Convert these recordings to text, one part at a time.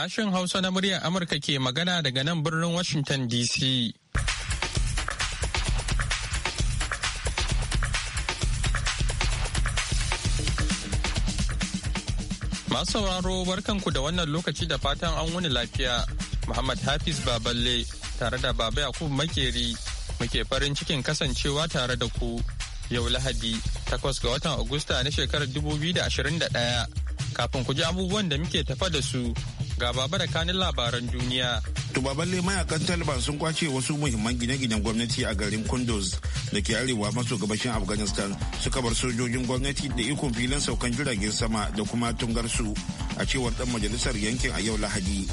Sashen Hausa na muryar Amurka ke magana daga nan birnin Washington DC. Masu sauraro barkanku da wannan lokaci da fatan an wuni lafiya. Muhammad Hafiz Baballe tare da Baba Yakubu Makeri muke farin cikin kasancewa tare da ku yau Lahadi takwas ga watan Agusta na shekarar 2021 kafin ku ji abubuwan da muke tafa da su ga baba da kanin labaran duniya. Tubaballe mayakan Taliban sun kwace wasu muhimman gine-ginen gwamnati a garin Kunduz da ke arewa maso gabashin Afghanistan suka bar sojojin gwamnati da ikon filin saukan jiragen sama da kuma tungarsu a cewar dan majalisar yankin a yau Lahadi.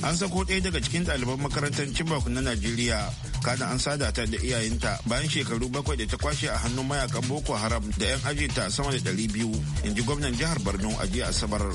An sako ɗaya daga cikin ɗaliban makarantar Chibok na Najeriya kada an sada ta da iyayenta bayan shekaru bakwai da ta kwashe a hannun mayakan Boko Haram da 'yan ajinta sama da 200 in ji gwamnan jihar Borno a jiya Asabar.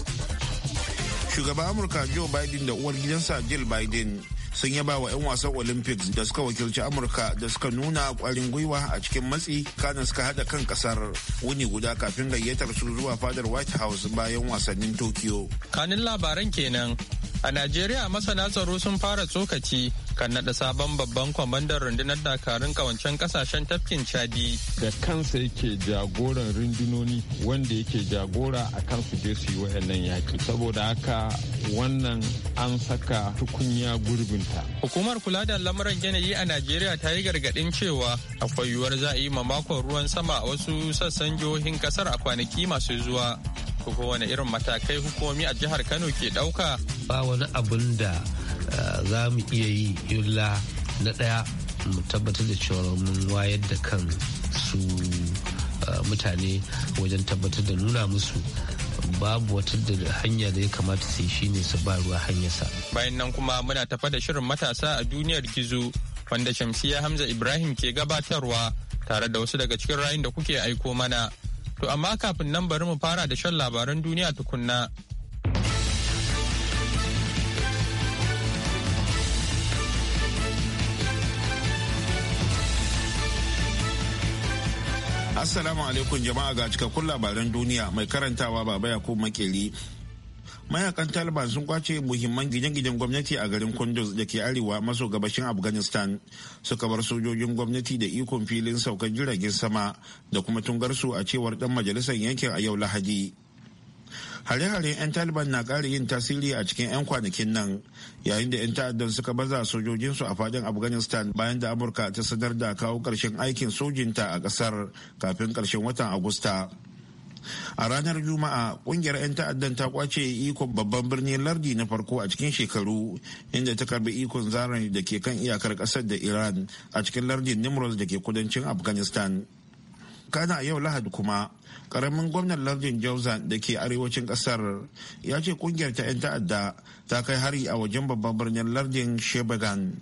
shugaban amurka joe biden da uwar gidansa jill biden sun yaba wa 'yan wasan olympics da suka wakilci amurka da suka nuna kwarin gwiwa a cikin matsi kanan suka hada kan kasar wuni guda kafin gayyatar su zuwa fadar white house bayan wasannin tokyo kanin labaran kenan a najeriya masana tsaro sun fara tsokaci kan naɗa sabon babban kwamandan rundunar dakarun kawancen kasashen tafkin chadi da kansa yake jagoran rundunoni wanda yake jagora a kan su je su yi wayannan yaƙi saboda haka wannan an saka tukunya gurbinta hukumar kula da lamuran yanayi a najeriya ta yi gargaɗin cewa akwai yiwuwar za a yi mamakon ruwan sama a wasu sassan jihohin kasar a kwanaki masu zuwa ko wani irin matakai hukumomi a jihar kano ke ɗauka ba wani abun da za mu iya yi illa na ɗaya mu tabbatar da cewa mun wayar da kan su eh, mutane wajen tabbatar da nuna musu babu wata da hanya da ya kamata sai yi shine su ba ruwa hanyarsa. Bayan nan kuma muna tafa da shirin matasa a duniyar gizo wanda Shamsiya Hamza Ibrahim ke gabatarwa tare da wasu daga cikin rayun da kuke aiko mana. To amma kafin nan bari mu fara da shan labaran duniya tukunna. Assalamu alaikum jama'a ga cikakkun labaran duniya mai karantawa baba Yakubu Makeri. Mayakan Taliban sun kwace muhimman gine-ginen gwamnati a garin Kunduz da ke arewa maso gabashin Afghanistan suka bar sojojin gwamnati da ikon filin saukar jiragen sama da kuma tungarsu a cewar dan majalisar yankin a yau Lahadi. hare-haren 'yan taliban na ƙara yin tasiri a cikin 'yan kwanakin nan yayin da 'yan ta'addan suka baza sojojinsu a fadin afghanistan bayan da amurka ta sanar da kawo ƙarshen aikin sojinta a ƙasar kafin ƙarshen watan agusta a ranar juma'a kungiyar 'yan ta'addan ta kwace ikon babban birnin lardi na farko a cikin shekaru inda ta karbi ikon zaran da ke kan iyakar ƙasar da iran a cikin lardin nimrod da ke kudancin afghanistan kana yau lahadi kuma karamin gwamnan lardin jauzan da ke arewacin kasar ya ce kungiyar ta 'yan ta'adda ta kai hari a wajen babban birnin lardin shebagan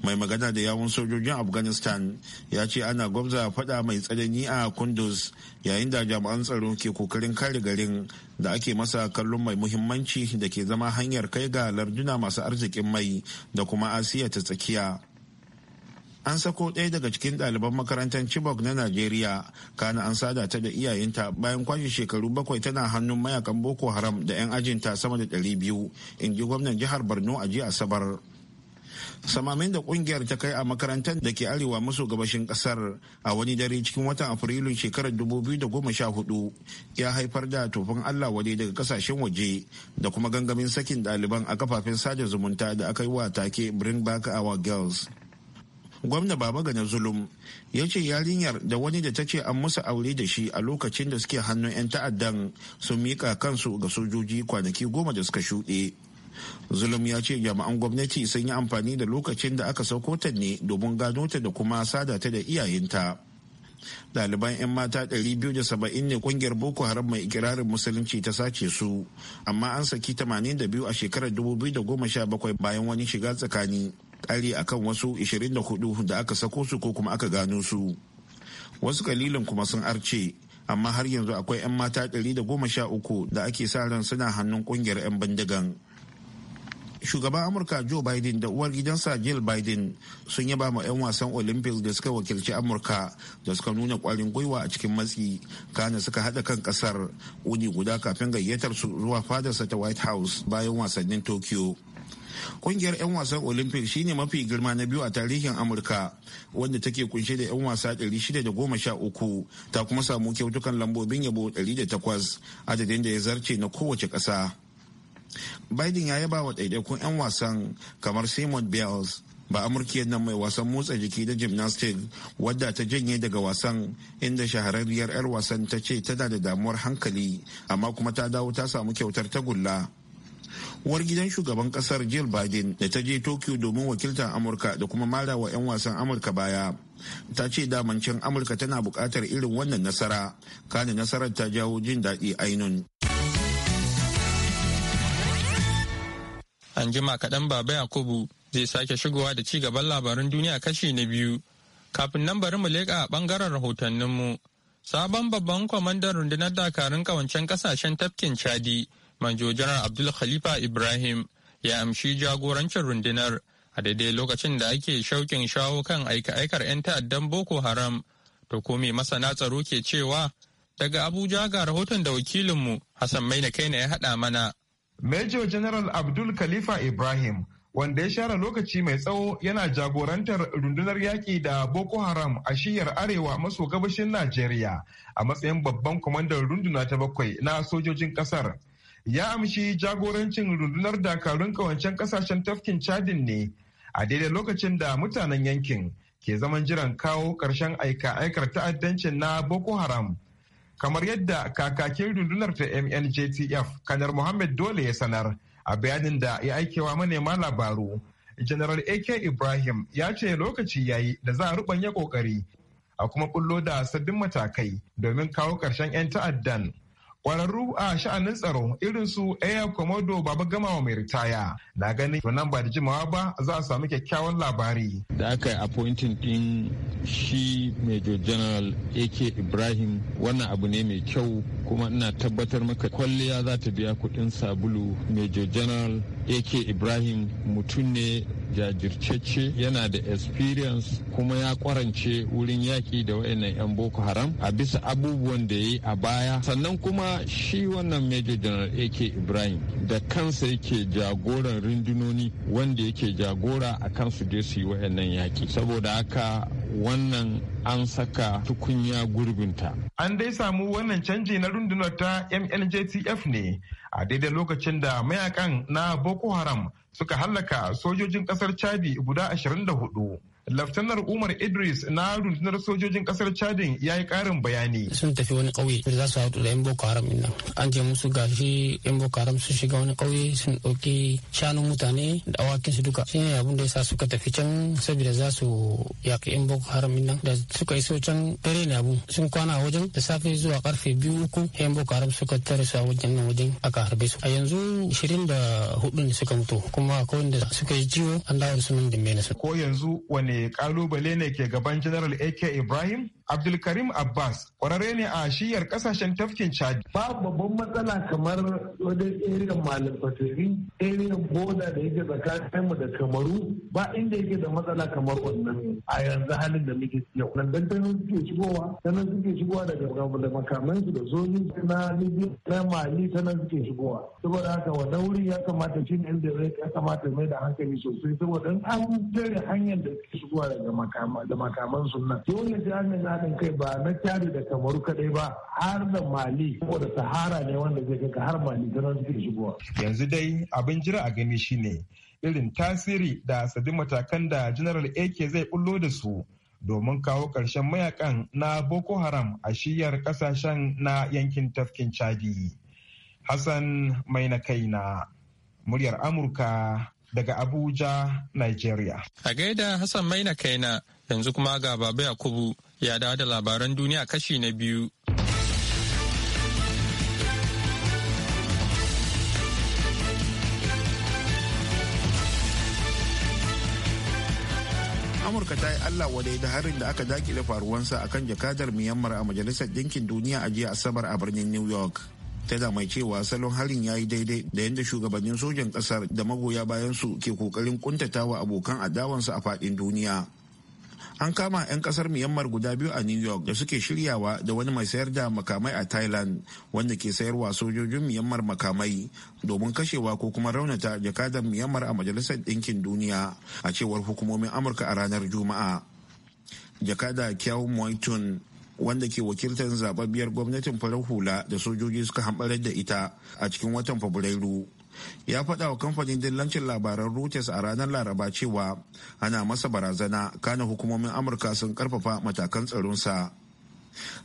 mai magana da yawun sojojin afghanistan ya ce ana gwamza fada mai tsanani a kunduz yayin da jami'an tsaro ke kokarin kare garin da ake masa kallon mai muhimmanci da ke zama hanyar kai ga larduna masu arzikin mai da kuma asiya ta tsakiya an sako ɗaya daga cikin ɗaliban makarantar chibok na najeriya kana an sada ta da iyayenta bayan kwashe shekaru bakwai tana hannun mayakan boko haram da 'yan ajinta sama da 200 in ji gwamnan jihar borno a jiya asabar samamin da kungiyar ta kai a makarantar da ke arewa maso gabashin kasar a wani dare cikin watan afrilun shekarar 2014 ya haifar da tofin allah wade daga kasashen waje da kuma gangamin sakin ɗaliban a kafafen sada zumunta da aka yi wa take bring back our girls gwamna baba gana zulum ya ce yarinyar da wani da ta ce an musu aure da shi a lokacin da suke hannun 'yan ta'addan sun mika kansu ga sojoji kwanaki goma da suka shuɗe zulum ya ce jami'an gwamnati sun yi amfani da lokacin da aka sauko ta ne domin gano ta da kuma sada ta da iyayenta daliban 'yan mata 270 ne kungiyar boko haram mai ikirarin musulunci ta sace su amma an saki 82 a shekarar 2017 bayan wani shiga tsakani a kan wasu 24 da aka sako su ko kuma aka gano su wasu kalilan kuma sun arce amma har yanzu akwai 'yan mata 113 da ake sa ran suna hannun kungiyar 'yan bindigan shugaban amurka joe biden da uwar gidansa jill biden sun yaba ma 'yan wasan olympics da suka wakilci amurka da suka nuna kwarin gwiwa a cikin matsi kana suka hada kan kasar wuni guda kafin gayyatar su zuwa fadarsa ta white house bayan wasannin tokyo kungiyar 'yan wasan olympic shine mafi girma na biyu a tarihin amurka wanda take kunshe da 'yan wasa 613 ta kuma samu kyautukan lambobin yabo 108 adadin da ya zarce na kowace ƙasa biden ya yaba wa ɗaiɗaikun 'yan wasan kamar simon bells ba amurkiyar nan mai wasan motsa jiki da gymnastic wadda ta janye daga wasan inda shahararriyar 'yar wasan ta ce tana da damuwar hankali amma kuma ta dawo ta samu kyautar tagulla uwar gidan shugaban kasar jill biden da ta je tokyo domin wakiltar amurka da kuma mara wa 'yan wasan amurka baya ta ce damancin amurka tana bukatar irin wannan nasara kana nasarar ta jawo jin daɗi ainun an jima kaɗan baba yakubu zai sake shigowa da ci gaban labaran duniya kashi na biyu kafin nan bari mu leƙa a ɓangaren rahotanninmu sabon babban kwamandan rundunar dakarun kawancen ƙasashen tafkin chadi manjo janar abdul khalifa ibrahim ya amshi jagorancin rundunar a daidai lokacin da ake shaukin shawo kan aika-aikar 'yan ta'addan boko haram to ko masana tsaro ke cewa daga abuja ga rahoton da wakilinmu hassan maina na ya haɗa mana major general abdul khalifa ibrahim wanda ya share lokaci mai tsawo yana jagorantar rundunar yaƙi da boko haram a shiyar arewa maso gabashin najeriya a matsayin babban kwamandan runduna ta bakwai na sojojin ƙasar ya amshi jagorancin rundunar dakarun kawancen kasashen tafkin chadin ne a daidai lokacin da mutanen yankin ke zaman jiran kawo ƙarshen aika-aikar ta'addancin na boko haram kamar yadda kakakin rundunar ta mnjtf kanar mohammed dole ya sanar a bayanin da ya aikewa manema labaru general ak ibrahim ya ce lokaci yayi da za a rubanya kokari a kuma bullo da sabbin matakai domin kawo karshen 'yan ta'addan kwararru a sha'anin tsaro irin su air komodo baba gama wa mai ritaya na ganin nan ba da jimawa ba za a samu kyakkyawan labari da aka yi appointing din shi major general ak ibrahim wannan abu ne mai kyau kuma ina tabbatar maka kwalliya za ta biya kudin sabulu major general ak ibrahim mutum ne jajircece yana da experience kuma ya kwarance wurin yaki da wayannan 'yan boko haram a bisa abubuwan da ya yi a baya sannan kuma shi wannan major general ak ibrahim da kansa yake jagoran rundunoni wanda yake jagora a kan su je su yi wayannan yaki saboda haka wannan an saka tukunya gurbinta an dai samu wannan canji na rundunar ta mljtf ne a daidai lokacin da mayakan na boko haram suka hallaka sojojin kasar chadi guda 24 Laftanar Umar Idris na rundunar sojojin kasar Chadin ya yi karin bayani. Sun tafi wani ƙauye da za su haɗu da 'yan Boko Haram nan. An je musu gashi 'yan Boko Haram sun shiga wani ƙauye sun ɗauki shanun mutane da awakin su duka. Shine abin da yasa suka tafi can saboda za su yaƙi 'yan Boko Haram nan. Da suka iso can dare ne abu. Sun kwana wajen da safe zuwa karfe biyu uku 'yan Boko Haram suka tare su a wajen nan wajen aka harbe su. A yanzu 24 ne suka mutu kuma akwai wanda suka yi jiwo an dawo da sunan da mena su. Ko yanzu wani kalubale ne ke gaban General AK Ibrahim? Abdulkarim Abbas kwararre ne a shiyar kasashen tafkin Chad. Ba babban matsala kamar wajen eriyan Malam Fasiri, boda da yake tsakanin mu da Kamaru ba inda yake da matsala kamar wannan a yanzu halin da muke yau. Nan dan tanan suke shigowa, tanan suke shigowa daga da makamansu da sojin na Libya na Mali tanan suke shigowa. Saboda haka wa wurin ya kamata shi ne inda ya kamata mai da hankali sosai saboda an tare hanyar da suke shigowa daga su nan. Dole sai an haɗin kai ba na cari da kamaru kaɗai ba har da mali da sahara ne wanda zai kai har mali da nan suke shigowa. yanzu dai abin jira a gani shine irin tasiri da sadi matakan da general ak zai bullo da su domin kawo ƙarshen mayakan na boko haram a shiyar ƙasashen na yankin tafkin chadi hassan mai na kaina muryar amurka daga abuja nigeria a gaida hassan mai na kaina yanzu kuma ga baba yakubu ya dawo da labaran duniya kashi na biyu. amurka ta yi allah wadai da harin da aka dakile faruwansa a kan jakadar myanmar a majalisar dinkin duniya a jiya asabar a birnin new york ta mai cewa salon harin ya yi daidai da yadda shugabannin sojan ƙasar da magoya bayan su ke ƙoƙarin ƙuntatawa abokan adawansu a faɗin duniya an kama 'yan kasar myanmar guda biyu a new york da suke shiryawa da wani mai sayar da makamai a thailand wanda ke sayarwa sojojin myanmar makamai domin kashewa ko kuma raunata jakadan myanmar a majalisar ɗinkin duniya a cewar hukumomin amurka a ranar juma'a jakada kyau moiton wanda ke wakiltar zababbiyar gwamnatin farar hula da sojoji suka hambarar da ita a cikin watan fabrairu ya faɗa wa kamfanin dillancin labaran reuters a ranar laraba cewa ana masa barazana kana hukumomin amurka sun karfafa matakan tsaronsa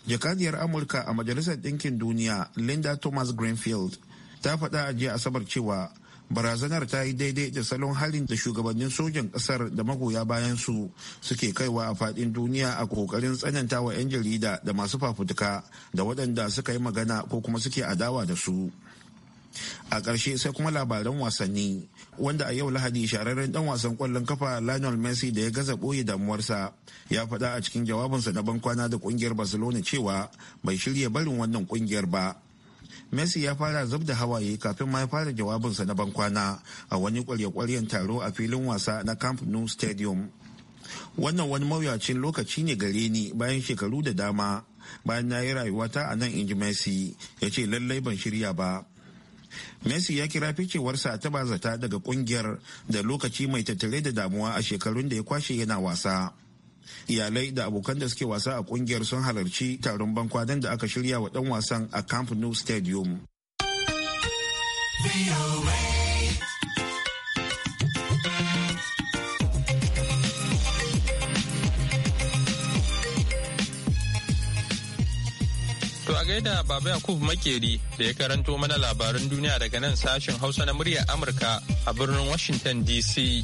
jakadiyar amurka a majalisar ɗinkin duniya linda thomas greenfield ta faɗa a jiya asabar cewa barazanar ta yi daidai da salon halin da shugabannin sojan ƙasar da magoya bayan su suke kaiwa a faɗin duniya a ƙoƙarin tsananta wa 'yan jarida da masu fafutuka da waɗanda suka yi magana ko kuma suke adawa da su. a ƙarshe sai kuma labaran wasanni wanda a yau lahadi shahararren dan wasan kwallon kafa lionel messi da ya gaza ɓoye damuwarsa ya faɗa a cikin jawabinsa na bankwana da ƙungiyar barcelona cewa bai shirya barin wannan ƙungiyar ba messi ya fara zub da hawaye kafin ma ya fara jawabinsa na bankwana a wani ƙwarya kwaryen taro a filin wasa na camp nou stadium wannan wani mawuyacin lokaci ne gare ni bayan shekaru da dama bayan na yi rayuwata a nan inji messi ya ce lallai ban shirya ba messi ya kira ficewarsa ta bazata daga kungiyar da lokaci mai tattare da damuwa a shekarun da ya kwashe yana wasa iyalai da abokan da suke wasa a kungiyar sun halarci taron bankwadan da aka shirya wa dan wasan a camp nou stadium da Baba Yakub Makeri da ya karanto mana labaran duniya daga nan sashen Hausa na muryar Amurka a birnin Washington DC.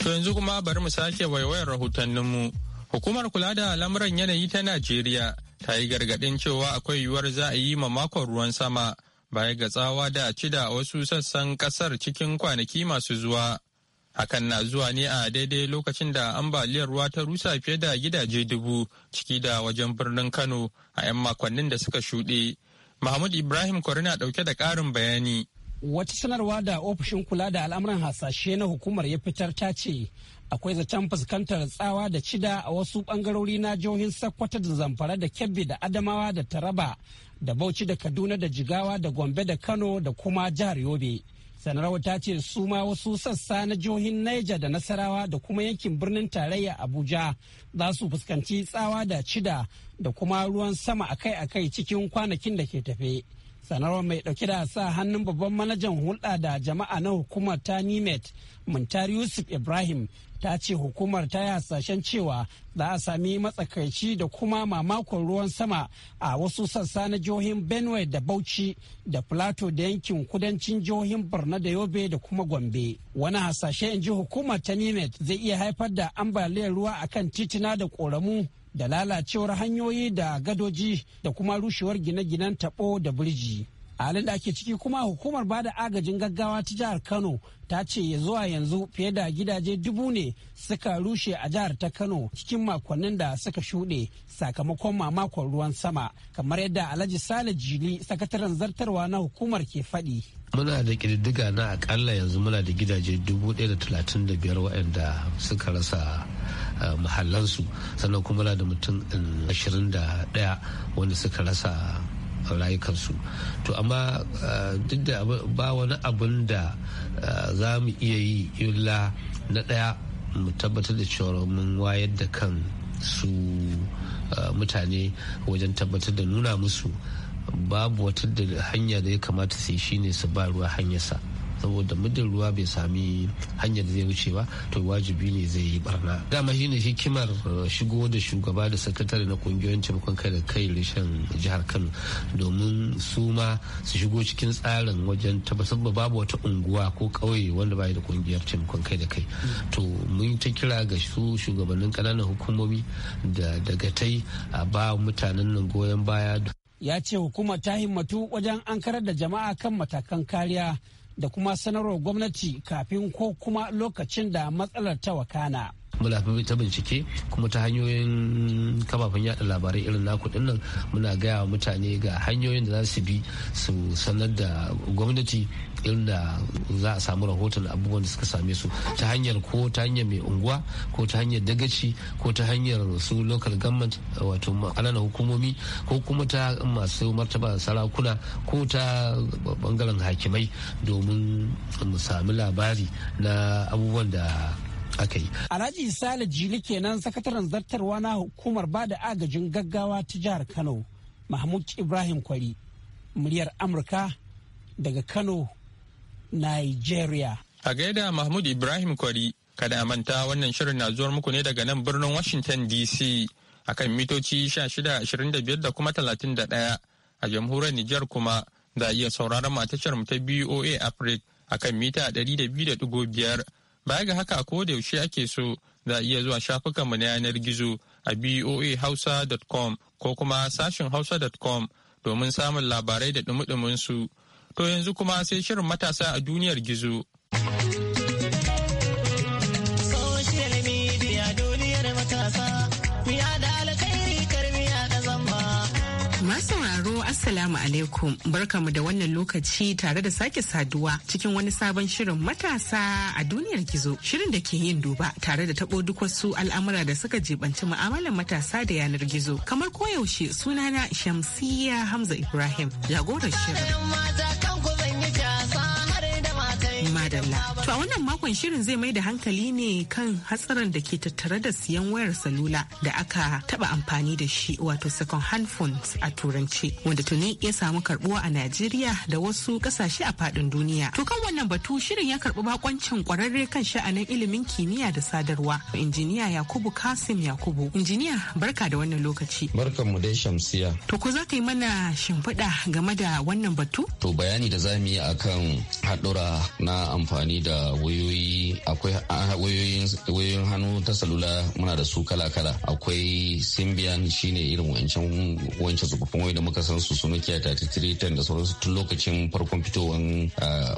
To yanzu kuma bari mu sake waiwayar rahotanninmu. Hukumar kula da lamuran yanayi ta Najeriya ta yi gargaɗin cewa akwai yiwuwar za a yi ma makon ruwan sama baya ga tsawa da ci da wasu sassan ƙasar cikin kwanaki masu zuwa. Hakan na zuwa ne a daidai lokacin da ambaliyar ruwa ta rusa fiye da gidaje dubu ciki da wajen birnin Kano a 'yan makonnin da suka shuɗe. Mahmud Ibrahim Kwari na ɗauke da ƙarin bayani. Wata sanarwa da ofishin kula da al'amuran hasashe na hukumar ya fitar ta ce akwai zaton fuskantar tsawa da cida a wasu bangarori na jihohin Sokoto da Zamfara da Kebbi da Adamawa da Taraba da Bauchi da Kaduna da Jigawa da Gombe da Kano da kuma jihar Yobe. sanarwar ta ce su ma wasu sassa na jihohin Niger da Nasarawa da kuma yankin birnin tarayya Abuja za su fuskanci tsawa da cida da kuma ruwan sama akai-akai cikin kwanakin da ke tafe. sanarwar mai dauke da sa hannun babban manajan hulɗa da jama'a na hukumar ta nimet muntari yusuf ibrahim ta ce hukumar ta yi hasashen cewa za a sami matsakaici da kuma mamakon ruwan sama a wasu sassa na jihohin benue da bauchi da plateau da yankin kudancin jihohin borno da yobe da kuma gombe wani hasashe in ji hukumar ta nimet zai iya haifar da ambaliyar ruwa akan titina da koramu da lalacewar hanyoyi da gadoji da kuma rushewar gine-ginen taɓo da birji a halin da ake ciki kuma hukumar ba da agajin gaggawa ta jihar kano ta ce ya zuwa yanzu fiye da gidaje dubu ne suka rushe a jihar ta kano cikin makonnin da suka shuɗe sakamakon mamakon ruwan sama kamar yadda alhaji sale jili sakataren zartarwa na hukumar ke faɗi muna da ƙididdiga na akalla yanzu muna da gidaje dubu ɗaya da talatin da biyar waɗanda suka rasa eh, mahallansu sannan kuma muna da mutum eh, ashirin da ɗaya wanda suka rasa rayukansu to amma eh, duk da ba wani abun da eh, za mu iya yi illa na daya mu tabbatar da cewa mun wayar da kan su eh, mutane wajen tabbatar da nuna musu babu wata hanya da ya kamata sai shine su ba ruwa hanyarsa saboda muddin ruwa bai sami hanyar da zai wuce ba to wajibi ne zai yi barna dama shine hikimar uh, shigo da shugaba da sakatare na kungiyoyin taimakon kai da kai reshen jihar kano domin su ma su shigo cikin tsarin wajen tabbatar babu wata unguwa ko kauye wanda bai da kungiyar taimakon kai da kai to mun ta kira ga su shugabannin kananan hukumomi da dagatai a ba mutanen nan goyon baya ya ce hukumar ta himmatu wajen an karar da jama'a kan matakan kariya da kuma sanarwar gwamnati kafin ko kuma lokacin da matsalar ta wakana. muna ta bincike kuma ta hanyoyin kafafen yada labarai irin na naku nan muna gaya wa mutane ga hanyoyin da za su bi su sanar da gwamnati inda da za a samu rahoton abubuwan da suka same su ta hanyar ko ta hanyar mai unguwa ko ta hanyar dagaci ko ta hanyar su local government wato ƙananan hukumomi ko kuma ta masu martaba sarakuna ko ta bangaren hakimai domin mu sami labari na abubuwan da aka yi. Alhaji Sale Jili kenan sakataren zartarwa na hukumar ba da agajin gaggawa ta jihar Kano, Mahmud Ibrahim Kwari, muryar Amurka daga Kano, Nigeria. A gaida Mahmud Ibrahim Kwari, kada a manta wannan shirin na zuwar muku ne daga nan birnin Washington DC akan mitoci 1625 da kuma 31 a jamhuriyar Nijar kuma za a iya sauraron mu ta BOA Africa akan mita 200.5 Baya ga haka ko da yaushe ake so za a iya zuwa shafukanmu na yanar gizo a boahausa.com ko kuma sashin hausa.com domin samun labarai da dumi su. To yanzu kuma sai shirin matasa a duniyar gizo Assalamu alaikum barkamu da wannan lokaci tare da sake saduwa cikin wani sabon shirin matasa a duniyar gizo shirin da ke yin duba tare da tabo duk wasu al'amura da suka jibanci mu'amalar matasa da yanar gizo kamar koyaushe sunana Shamsiya Hamza Ibrahim jagorar shirin. Madalla. a wannan makon shirin zai mai da hankali ne kan hatsarin da ke tattare da siyan wayar salula da aka taba amfani da shi wato second hand phones a turanci wanda tuni ya samu karbuwa a Najeriya da wasu kasashe a fadin duniya. To kan wannan batu shirin ya karbi bakoncin kwararre kan sha'anin ilimin kimiyya da sadarwa injiniya Yakubu Kasim Yakubu. Injiniya barka da wannan lokaci. Barkan mu dai Shamsiya. To ko za ka yi mana shimfiɗa game da wannan batu? To bayani da za mu yi akan haɗura na amfani da wayoyi akwai wayoyin wayoyin hannu ta salula muna da su kala-kala akwai symbian shine irin wancan wancan tsofaffin wayoyi da muka san su su Nokia 3310 da sauransu tun lokacin farkon fitowar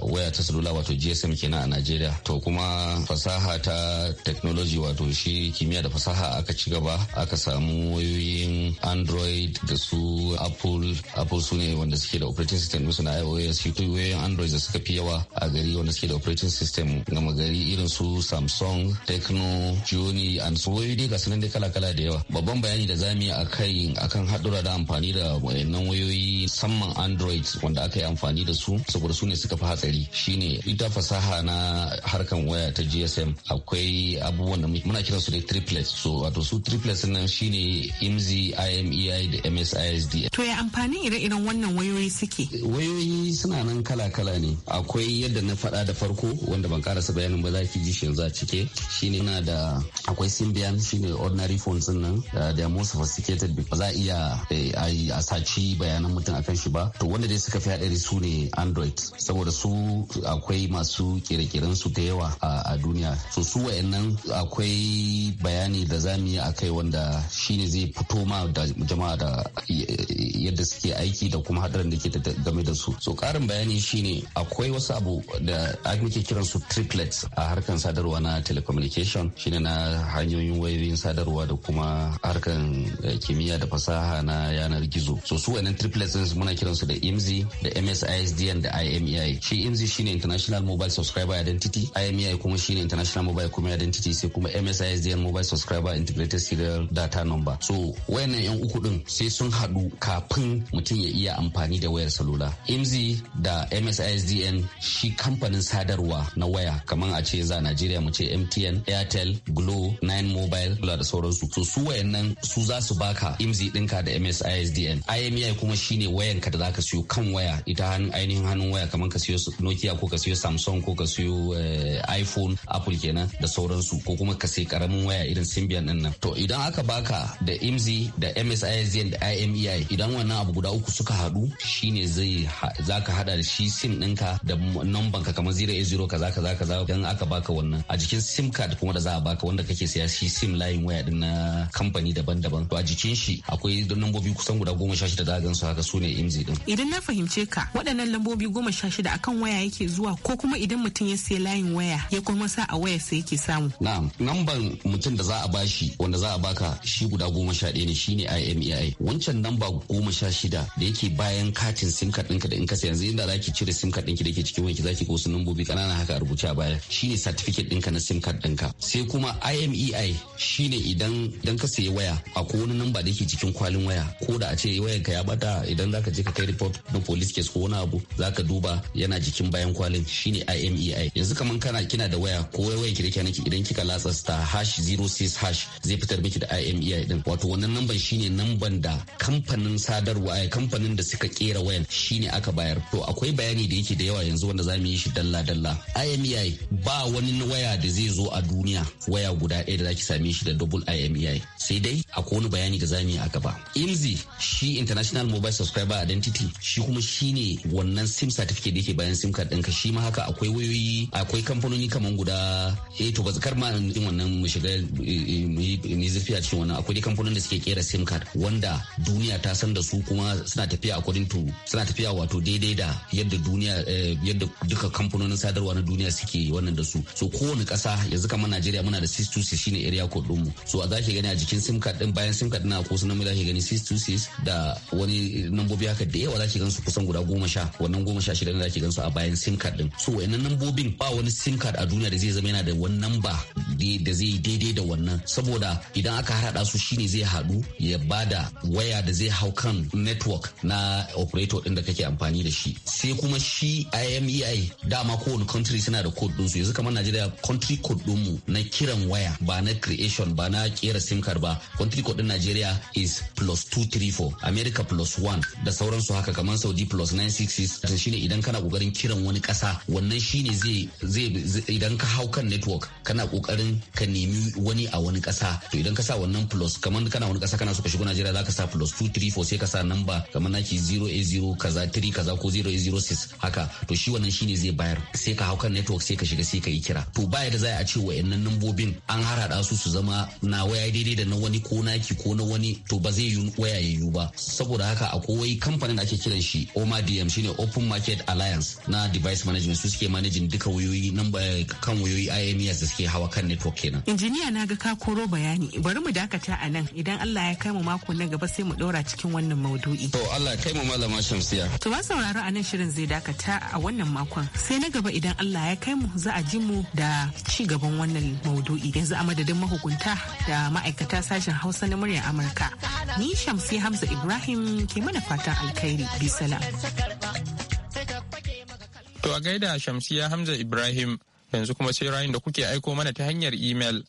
waya ta salula wato GSM kenan a Najeriya to kuma fasaha ta technology wato shi kimiyya da fasaha aka ci gaba aka samu wayoyin Android da su Apple Apple su ne wanda suke da operating system su na iOS shi wayoyin Android da suka fi yawa a gari wanda suke da operating system system gama gari irin su samsung techno joni and so wayoyi dai ga sunan dai kala-kala da yawa babban bayani da zamu yi a kai akan hadura da amfani da wayannan wayoyi musamman android wanda aka yi amfani da su saboda su ne suka fi hatsari shine ita fasaha na harkan waya ta gsm akwai abubuwan da muna su da triplets so wato su triplets nan shine imzi imei e da msisd to ya amfani ire-iren wannan wayoyi suke wayoyi suna nan kala-kala ne akwai yadda na faɗa da farko wanda ban karasa bayanin ba za ki ji shi yanzu a cike shine na da akwai symbian shine ordinary phones nan da uh, more sophisticated ba za a iya eh, a saci bayanan mutum akan shi ba to wanda dai suka fi haɗari su ne android saboda su akwai masu kirkirin su da yawa a duniya so su wayannan akwai bayani da za mu yi akai wanda shine zai fito ma da jama'a da yadda suke aiki da kuma haɗarin da ke game da su so ƙarin bayani shine akwai wasu abu da ake kiran su triplets a harkan sadarwa na telecommunication shine na hanyoyin wayoyin sadarwa da kuma harkan eh, kimiyya da fasaha na yanar gizo so su wannan triplets din muna kiransu da IMSI da msisdn da imei e shi imzi shine international mobile subscriber identity imei e kuma shine international mobile kuma identity sai kuma msisdn mobile subscriber integrated serial data number so wayannan yan uku din sai sun hadu kafin mutum ya iya amfani da wayar salula IMSI da msisdn shi kamfanin sadarwa na waya kamar a ce za Najeriya mu ce MTN, Airtel, Glo, Nine Mobile da sauransu. To su wayannan su za su baka IMSI ɗinka da MSISDN. IMEI kuma shine wayanka da zaka siyo kan waya ita hannun ainihin hannun waya kamar ka siyo Nokia ko ka siyo Samsung ko ka siyo eh, iPhone, Apple kenan da sauransu ko kuma ka sai karamin waya irin Symbian din nan. To idan aka baka da IMSI da MSISDN da IMEI e idan wannan abu guda uku suka haɗu shine zai zaka hada da shi SIM ɗinka da numban ka kamar 080 ka kaza kaza kaza dan aka baka wannan a jikin sim card kuma da za a baka wanda kake siya shi sim layin waya din na kamfani daban-daban to a jikin shi akwai lambobi kusan guda goma sha shida za a gan su haka sune imzi din idan na fahimce ka waɗannan lambobi goma sha shida akan waya yake zuwa ko kuma idan mutum ya siya layin waya ya kuma sa a waya sai yake samu na'am namban mutum da za a bashi wanda za a baka shi guda goma sha ne shine IMEI wancan namba goma sha shida da yake bayan katin sim card ɗinka da in ka sai yanzu inda zaki cire sim card ɗinki da ke cikin wanki zaki ko su lambobi ƙanana haka a rubuce a baya shine certificate ɗinka na sim card ɗinka sai kuma IMEI e shine idan dan ka sayi waya ko wani namba da yake cikin kwalin waya ko da a ce wayar ka ya bata idan zaka je ka kai report na police case ko wani abu zaka duba yana jikin bayan kwalin shine IMEI e yanzu kaman kana kina da waya ko wayar ki da kyanaki idan kika latsa star hash 06 hash zai fitar miki da IMEI din e wato wannan namban shine namban da kamfanin sadarwa ai eh, kamfanin da suka kera wayan ne aka bayar to akwai bayani da yake da yawa yanzu wanda zamu yi shi dalla dalla IMEI e ba wani waya da zai zo a duniya waya guda ɗaya da zaki same shi da double IMEI e sai dai akwai wani bayani da zamu yi a gaba. IMSI shi International Mobile Subscriber Identity shi kuma shine wannan SIM certificate da yake bayan SIM card ɗinka shi ma haka akwai wayoyi akwai kamfanoni kaman guda eh to ba kar ma in wannan mu shiga ni eh, eh, zafiya a cikin wannan akwai dai kamfanonin da suke kera SIM card wanda duniya ta san da su kuma suna tafiya according to suna tafiya wato daidai da yadda duniya eh, yadda duka kamfanonin sadarwa na duniya duniya suke wannan da su so kowane kasa yanzu kamar Najeriya muna da 626 shine area code din mu so a zaki gani a jikin sim card din bayan sim card din ko sunan mu zaki gani 626 da wani nambobi haka da yawa zaki gansu kusan guda goma sha wannan goma sha shida ne zaki gansu a bayan sim card din so wayannan nambobin ba wani sim card a duniya da zai zama yana da wani namba da zai daidai da wannan saboda idan aka harada su shine zai haɗu ya bada waya da zai hau kan network na operator din da kake amfani da shi sai kuma shi IMEI e dama kowane country suna da code ɗinsu yanzu kamar Najeriya country code ɗinmu na kiran waya ba na creation ba na kera sim card ba country code ɗin Najeriya is plus 234 America plus 1 da sauransu haka kamar Saudi plus 966 shine idan kana kokarin kiran wani ƙasa wannan shine zai zai idan ka hau kan network kana kokarin ka nemi wani a wani ƙasa to idan ka sa wannan plus kamar kana wani ƙasa kana so ka shigo Najeriya zaka sa plus 234 sai ka sa number kamar naki 080 kaza 3 kaza ko 006 haka to shi wannan shine zai bayar sai ka hau kan network sai ka shiga sai ka yi kira to ba yadda za a ce wayannan nambobin an harhaɗa su su zama na waya daidai da na wani ko naki ko na wani to ba zai yi waya ya yiwu ba saboda haka akwai kamfanin da ake kiran shi Oma DM shine Open Market Alliance na device management su suke managing duka wayoyi kan wayoyi IMES da suke hawa kan network kenan injiniya na ga ka koro bayani bari mu dakata a nan idan Allah ya kai mu mako na gaba sai mu ɗora cikin wannan maudu'i to Allah ya kai mu malama Shamsiya to ba sauraro a nan shirin zai dakata a wannan makon sai na gaba idan Allah Allah ya kai mu za a ji mu da ci gaban wannan maudu'i yanzu a madadin mahukunta da ma'aikata sashen Hausa na muryar Amurka. Ni Shamsi Hamza Ibrahim ke mana fatan alkhairi bisala. To a gaida Shamsiya Hamza Ibrahim yanzu kuma sai rayun da kuke aiko mana ta hanyar imel.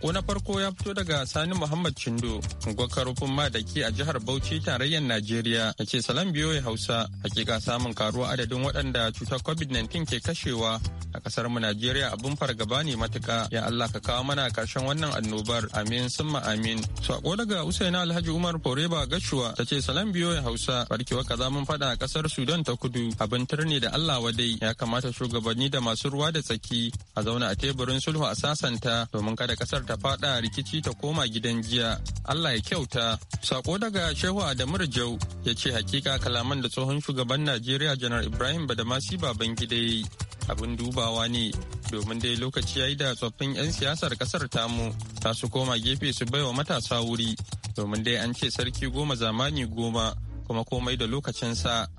Sako na farko ya fito daga Sani Muhammad Chindo, gwakarufin madaki a jihar Bauchi tarayyar Najeriya a ce salam biyoyi Hausa. Hakika samun karuwa adadin waɗanda cutar COVID-19 ke kashewa a kasar mu Najeriya abun fargaba ne matuka. Ya Allah ka kawo mana karshen wannan annobar. Amin summa amin. Sako daga Usaina Alhaji Umar Foreba Gashuwa ta ce salam biyoyi Hausa. Barkewa kaza mun faɗa a kasar Sudan ta kudu. Abin turne da Allah wadai ya kamata shugabanni da masu ruwa da tsaki a zauna a teburin sulhu a sasanta domin kada kasar ta fada rikici ta koma gidan jiya Allah ya kyauta sako daga Shehu Adamu Rajau ya ce hakika kalaman da tsohon shugaban Najeriya Janar Ibrahim Badamasi Babangida yi abin dubawa ne domin dai lokaci yayi da tsoffin 'yan siyasar kasar tamu ta su koma gefe su baiwa matasa wuri domin dai an ce sarki goma zamani goma kuma komai da lokacinsa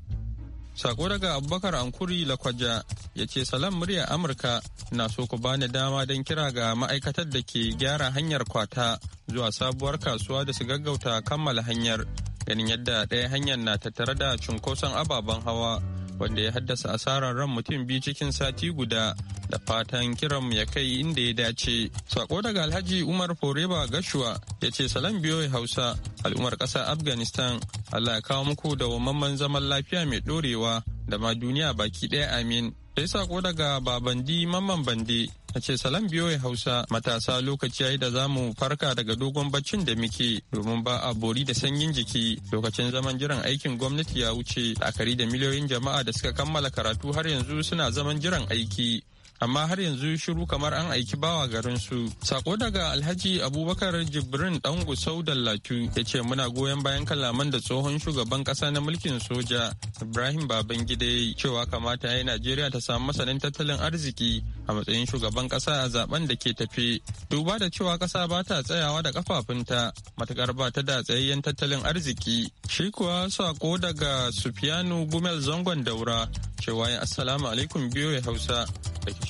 Sako daga Abubakar Ankuri Lakwaja ya ce salam murya Amurka na so ku bani dama don kira ga ma'aikatar da ke gyara hanyar kwata zuwa sabuwar kasuwa da su gaggauta kammala hanyar ganin yadda ɗaya hanyar na tattare da cunkoson ababen hawa wanda ya haddasa asarar ran mutum biyu cikin sati guda da fatan kiran ya kai inda ya dace. Sako daga Alhaji Umar Foreba Gashuwa ya ce salam ya Hausa al'ummar ƙasar Afghanistan Allah ya kawo muku da wamman zaman lafiya mai ɗorewa da ma duniya baki ɗaya amin. Sai sako daga Babandi Mamman Bande ta ce salam biyoyi hausa matasa lokaci yayi da za mu farka daga dogon baccin da muke domin ba a bori da sanyin jiki lokacin zaman jiran aikin gwamnati ya wuce la'akari da miliyoyin jama'a da suka kammala karatu har yanzu suna zaman jiran aiki amma har yanzu shiru kamar an aiki bawa garin su sako daga alhaji abubakar jibrin dan gusau dallatu ya ce muna goyon bayan kalaman da tsohon shugaban kasa na mulkin soja ibrahim babangida ya cewa kamata ya yi najeriya ta samu masanin tattalin arziki a matsayin shugaban kasa a zaben da ke tafi duba da cewa kasa ba ta tsayawa da kafafunta matakar ba ta da tsayayyen tattalin arziki shi kuwa sako daga sufiyanu gumel zangon daura cewa assalamu alaikum biyo ya hausa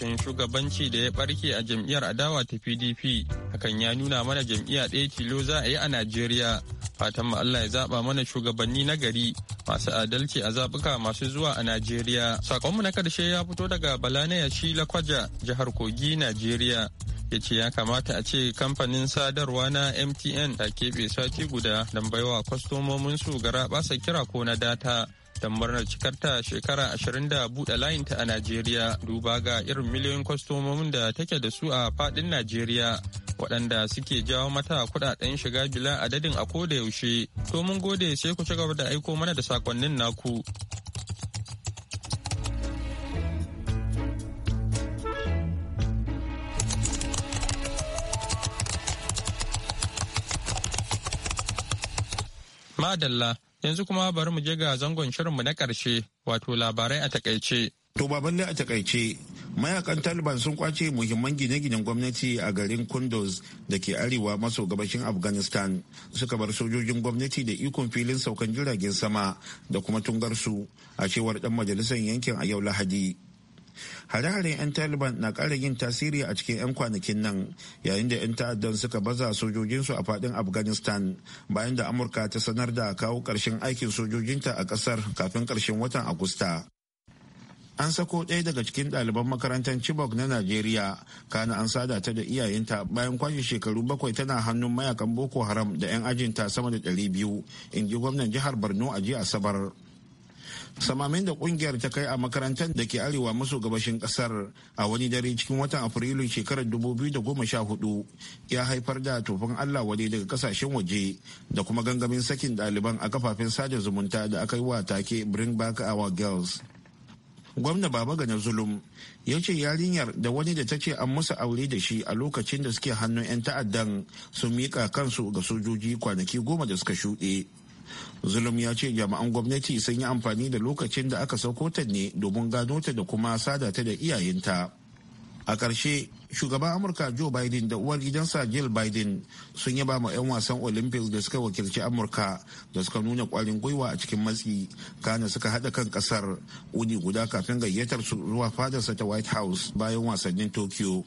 rikicin shugabanci da ya barke a jam'iyyar adawa ta pdp hakan ya nuna mana jam'iyya ɗaya tilo za a yi a najeriya fatan mu allah ya zaba mana shugabanni na gari masu adalci a zabuka masu zuwa a najeriya sakonmu na karshe ya fito daga na yashi lakwaja jihar kogi najeriya ya ce ya kamata a ce kamfanin sadarwa na mtn ta keɓe sati guda don baiwa kwastomominsu gara basa kira ko na data ta murnar cikarta shekara ashirin da buɗe layinta a Najeriya duba ga irin miliyoyin kwastomomin da take da su a faɗin Najeriya waɗanda suke jawo mata kuɗaɗen shiga bila adadin a koda yaushe. To mun gode sai ku ci gaba da aiko mana da sakonnin naku. Madalla Yanzu kuma bari mu je ga zangon shirinmu na ƙarshe wato labarai a takaice. To baban a takaice mayakan Taliban sun kwace muhimman gine-ginen gwamnati a garin Kunduz da ke arewa maso gabashin Afghanistan suka bar sojojin gwamnati da ikon filin saukan jiragen sama da kuma tungarsu a cewar dan majalisar yankin a yau Lahadi. hare-haren 'yan taliban na ƙara yin tasiri a cikin 'yan kwanakin nan yayin da 'yan ta'addan suka baza sojojinsu a fadin afghanistan bayan da amurka ta sanar da kawo ƙarshen aikin sojojinta a ƙasar kafin ƙarshen watan agusta an sako ɗaya daga cikin ɗaliban makarantar chibok na najeriya kana an sada ta da iyayenta bayan kwashe shekaru bakwai tana hannun mayakan boko haram da 'yan ajinta sama da 200 in ji gwamnan jihar borno a jiya asabar samamin da kungiyar ta kai a makarantar da ke arewa maso gabashin kasar a wani dare cikin watan afrilu shekarar 2014 ya haifar da tofin allah wani daga kasashen waje da kuma gangamin sakin daliban a kafafen sada zumunta da aka yi wa take bring back our girls gwamna baba gana zulum ya ce yarinyar da wani da ta ce an musu aure da shi a lokacin da suke hannun 'yan ta'addan sun miƙa kansu ga sojoji kwanaki goma da suka shuɗe zulum ya ce jami'an gwamnati sun yi amfani da lokacin da aka sauko ta ne domin gano ta da kuma sada ta da iyayenta a ƙarshe shugaban amurka joe biden da uwar gidansa jill biden sun yaba ma 'yan wasan olympics da suka wakilci amurka da suka nuna kwarin gwiwa a cikin matsi kana suka hada kan kasar wuni guda kafin gayyatar su zuwa fadarsa ta white house bayan wasannin tokyo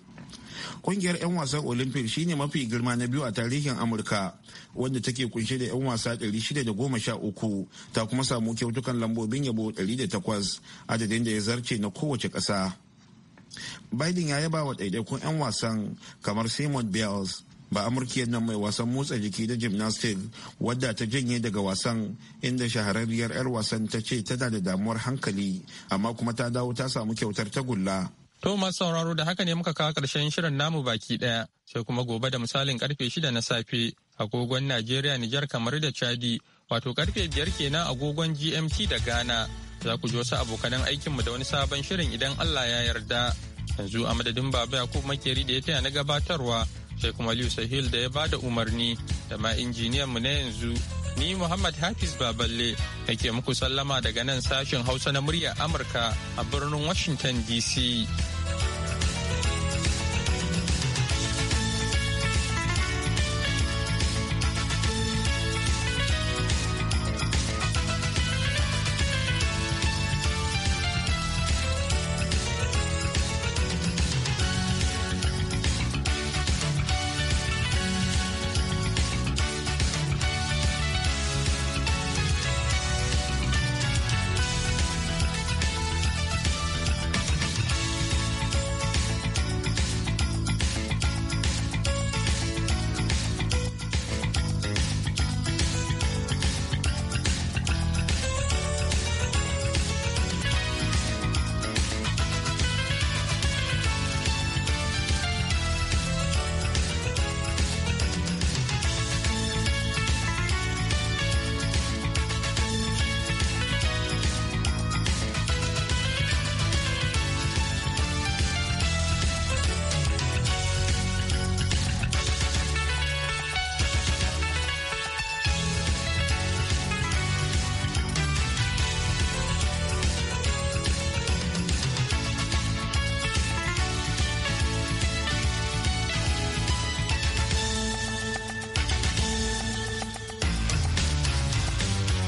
Kungiyar 'yan wasan Olympic shine mafi girma na biyu a tarihin Amurka wanda take kunshe da 'yan wasa 613 ta kuma samu kyautukan lambobin yabo 108 adadin da ya zarce na kowace ƙasa. Biden ya yaba wa ɗaiɗaikun 'yan wasan kamar Simon Biles ba amurkiyar nan mai wasan motsa jiki da gymnastic wadda ta janye daga wasan inda shahararriyar 'yar wasan ta ce tana da damuwar hankali amma kuma ta dawo ta samu kyautar tagulla To masu sauraro da haka ne muka kawo ƙarshen shirin namu baki ɗaya sai kuma gobe da misalin karfe shida na safe agogon Najeriya Nijar kamar da Chadi wato karfe biyar kenan agogon GMT da Ghana za ku ji wasu abokanan aikinmu da wani sabon shirin idan Allah ya yarda. Yanzu a madadin Baba Yakub Makeri da ya taya na gabatarwa sai kuma Liu Sahil da ya ba da umarni da ma injiniyan mu na yanzu ni Muhammad Hafiz Baballe nake muku sallama daga nan sashen Hausa na muryar Amurka a birnin Washington DC.